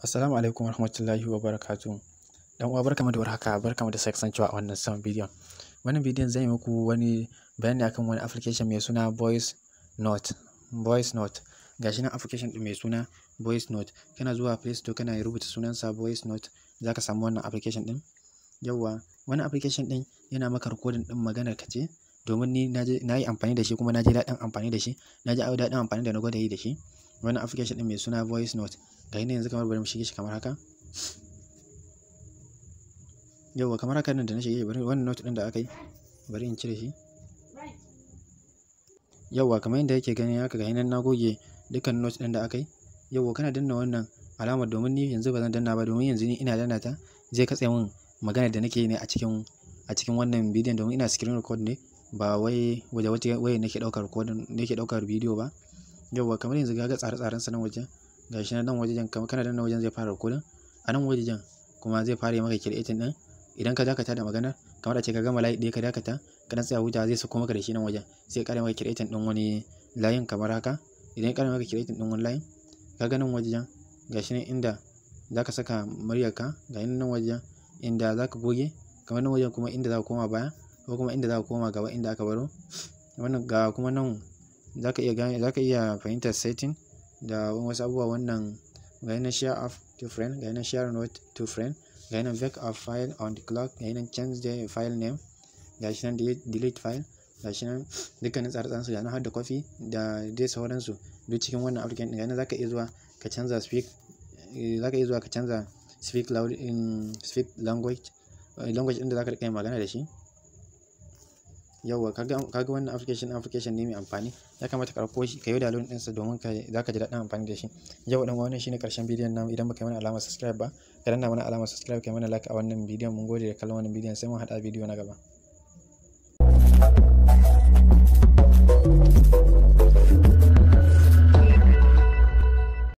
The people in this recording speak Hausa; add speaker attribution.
Speaker 1: Assalamu alaikum warahmatullahi wabarakatuh. Dan uwa barkamu da warhaka, barkamu da sake sancewa a wannan sabon bidiyon. Wannan bidiyon zan yi muku wani bayani akan wani application mai suna Voice Note. Voice Note. Gashi nan application din mai suna Voice Note. Kana zuwa Play Store kana rubuta sunansa Voice Note, zaka samu wannan application din. Yawwa, wannan application din yana maka recording din maganar ka ce domin ni na yi amfani da shi kuma na ji daɗin amfani da shi, na ji daɗin amfani da na gwada yi da shi. Wannan application din mai suna Voice Note. ga ne yanzu kamar bari mu shige shi kamar haka yauwa kamar haka nan da na shige bari wannan note ɗin da aka yi bari in cire shi yauwa kamar yadda yake gani haka ga nan na goge dukkan note ɗin da aka yi yauwa kana danna wannan alamar domin ni yanzu ba zan danna ba domin yanzu ni ina danna ta zai katse min magana da nake yi ne a cikin a cikin wannan bidiyon domin ina screen record ne ba wai waje waje nake daukar recording nake ɗaukar bidiyo ba yauwa kamar yanzu ga tsare-tsaren sanan wajen gashi na ɗan wajen kamar kana danna wajen zai fara recording a nan wajen kuma zai fara yi maka creating din idan ka dakata da magana kamar a ce ka gama layi ɗaya ka dakata ka dan tsaya huta zai sauko maka da shi nan wajen sai ƙara maka creating din wani layin kamar haka idan ya ƙara maka creating din wani layin ka ga nan wajen gashi nan inda zaka saka muryarka ga nan wajen inda zaka goge kamar nan wajen kuma inda zaka koma baya ko kuma inda zaka koma gaba inda aka baro wannan ga kuma nan zaka iya zaka iya fahimtar setting da wasu abubuwa wannan ga yanan share of to friend ga yanan share note to friend ga yanan back of file on the clock ga yanan change the file name ga shi nan delete file ga shi nan dukkanin tsare-tsaren su ga nan har da coffee da dai sauransu duk cikin wannan application ga yanan zaka iya zuwa ka canza speak zaka iya zuwa ka canza speak loud in speak language eh, language ɗin da zaka riƙa yin magana da shi yauwa kaga kaga wannan application application ne mai amfani ya kamata ka ɗauko shi ka yi download ɗin sa domin ka za ka ji daɗin amfani da shi yau dan wannan shine karshen bidiyon namu idan baka yi mana alamar subscribe ba ka danna mana alamar subscribe ka yi mana like a wannan bidiyon mun gode da kallon wannan bidiyon sai mun haɗa bidiyo na gaba